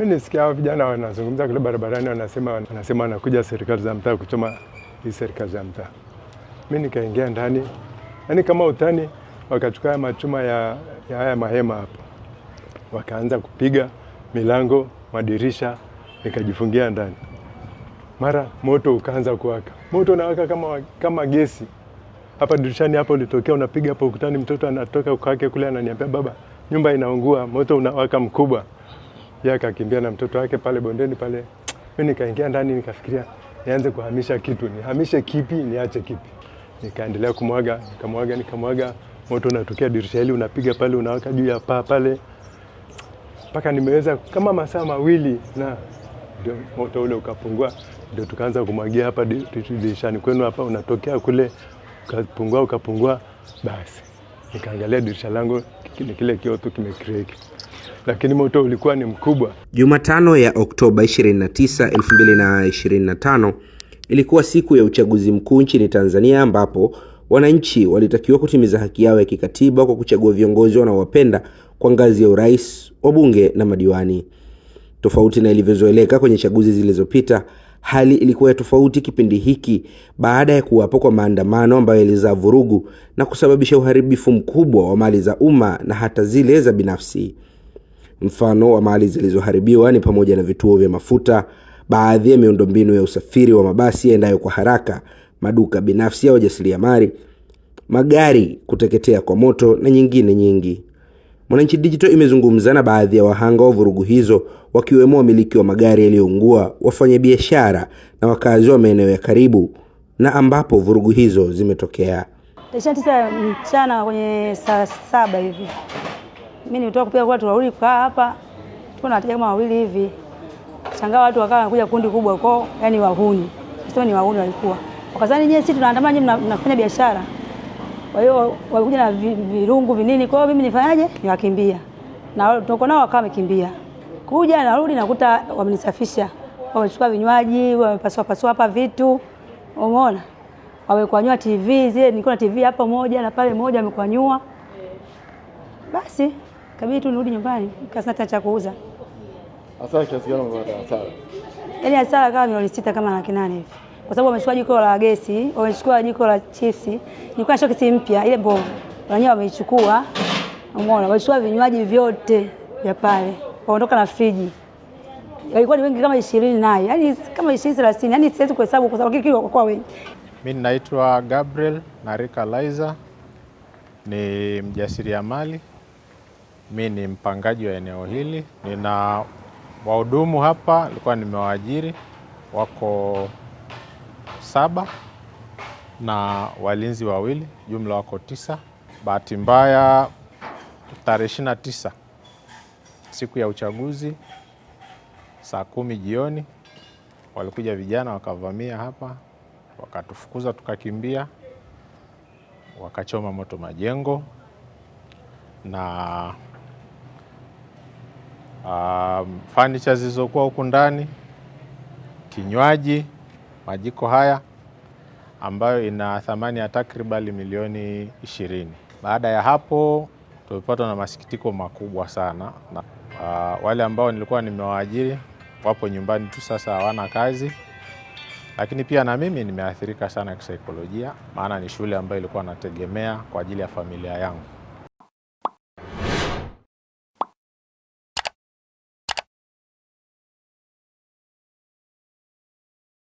Mimi nisikia hao vijana wanazungumza kule barabarani, wanasema wanasema wanakuja serikali za mtaa kuchoma hii serikali za mtaa. Mimi nikaingia ndani, yaani kama utani, wakachukua machuma ya, ya haya mahema hapo, wakaanza kupiga milango, madirisha, nikajifungia ndani. Mara moto ukaanza kuwaka, moto unawaka kama, kama gesi hapa dirishani hapo ulitokea, unapiga hapo ukutani. Mtoto anatoka kwake kule ananiambia, baba, nyumba inaungua, moto unawaka mkubwa yeye akakimbia na mtoto wake pale bondeni pale. Mimi nikaingia ndani nikafikiria nianze kuhamisha kitu, nihamishe kipi, niache kipi? Nikaendelea kumwaga, nikamwaga, nikamwaga, moto unatokea dirisha hili unapiga pale, unawaka juu ya paa pale, mpaka nimeweza kama masaa mawili, na ndio moto ule ukapungua. Ndio tukaanza kumwagia hapa dirishani kwenu hapa, unatokea kule, ukapungua, ukapungua, basi nikaangalia dirisha langu kile, kile kioto kimekreki, lakini moto ulikuwa ni mkubwa. Jumatano ya Oktoba 29, 2025 ilikuwa siku ya uchaguzi mkuu nchini Tanzania ambapo wananchi walitakiwa kutimiza haki yao ya kikatiba kwa kuchagua viongozi wanaowapenda kwa ngazi ya urais, wabunge na madiwani. Tofauti na ilivyozoeleka kwenye chaguzi zilizopita Hali ilikuwa ya tofauti kipindi hiki baada ya kuwapo kwa maandamano ambayo yalizaa vurugu na kusababisha uharibifu mkubwa wa mali za umma na hata zile za binafsi. Mfano wa mali zilizoharibiwa ni pamoja na vituo vya mafuta, baadhi ya miundombinu ya usafiri wa mabasi yaendayo kwa haraka, maduka binafsi ya wajasiliamari magari kuteketea kwa moto na nyingine nyingi. Mwananchi Digital imezungumza na baadhi ya wahanga wa vurugu hizo wakiwemo wamiliki wa magari yaliyoungua, wafanyabiashara na wakazi wa maeneo ya karibu na ambapo vurugu hizo zimetokea. Tarehe tisa mchana kwenye saa saba hivi mimi nilitoka kupiga kura, tukarudi kukaa hapa, tuko na wateja kama wawili hivi, shangaa watu wakawa wanakuja kundi kubwa kwao, yani wahuni, sio ni wahuni, walikuwa wakazani, je, sisi tunaandamana, je, mnafanya biashara kwa hiyo walikuja na virungu vinini, kwa hiyo mimi nifanyaje? Niwakimbia na toko nao wakawa wamekimbia. Kuja narudi nakuta wamenisafisha, wamechukua vinywaji, wamepasua pasua hapa vitu, umeona, wamekwanyua TV zile, nilikuwa na TV hapa moja na pale moja, wamekwanyua. Basi kabidi tu nirudi nyumbani, kasata cha kuuza. Hasara kiasi gani? Yaani hasara kama milioni sita kama laki nane hivi kwa sababu wamechukua jiko la gesi, wamechukua jiko la chipsi, nilikuwa na shokisi mpya ile mbovu, wenyewe wameichukua. Umeona, wamechukua vinywaji vyote vya pale, waondoka na friji. Walikuwa ni wengi kama 20 naye, yani kama 20 30, yani siwezi kuhesabu kwa sababu kile kwa wengi. Mimi naitwa Gabriel Narika Laiza, ni mjasiriamali, mi ni mpangaji wa eneo hili, nina wahudumu hapa, nilikuwa nimewaajiri wako saba na walinzi wawili, jumla wako tisa. Bahati mbaya tarehe ishirini na tisa siku ya uchaguzi saa kumi jioni walikuja vijana wakavamia hapa, wakatufukuza tukakimbia, wakachoma moto majengo na um, fanicha zilizokuwa huku ndani, kinywaji majiko haya ambayo ina thamani ya takriban milioni ishirini. Baada ya hapo tumepatwa na masikitiko makubwa sana na, uh, wale ambao nilikuwa nimewaajiri wapo nyumbani tu sasa hawana kazi, lakini pia na mimi nimeathirika sana kisaikolojia, maana ni shule ambayo ilikuwa nategemea kwa ajili ya familia yangu.